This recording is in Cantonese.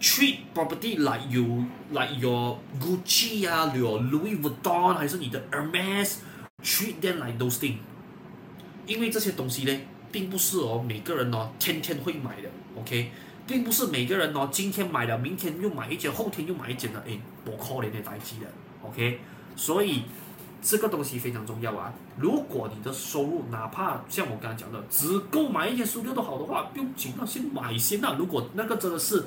Treat property like you like your Gucci 啊，your Louis Vuitton，還是你的 Hermes，treat them like those things。因為這些東西呢，並不是哦，每個人哦，天天會買的，OK？並不是每個人哦，今天買了，明天又買一件，後天又買一件、哎、不可的，的。誒，我靠，你的代子的。OK？所以，這個東西非常重要啊。如果你的收入，哪怕像我剛才講的，只夠買一件蘇六都好的話，不用緊，先買先啦。如果那個真的是，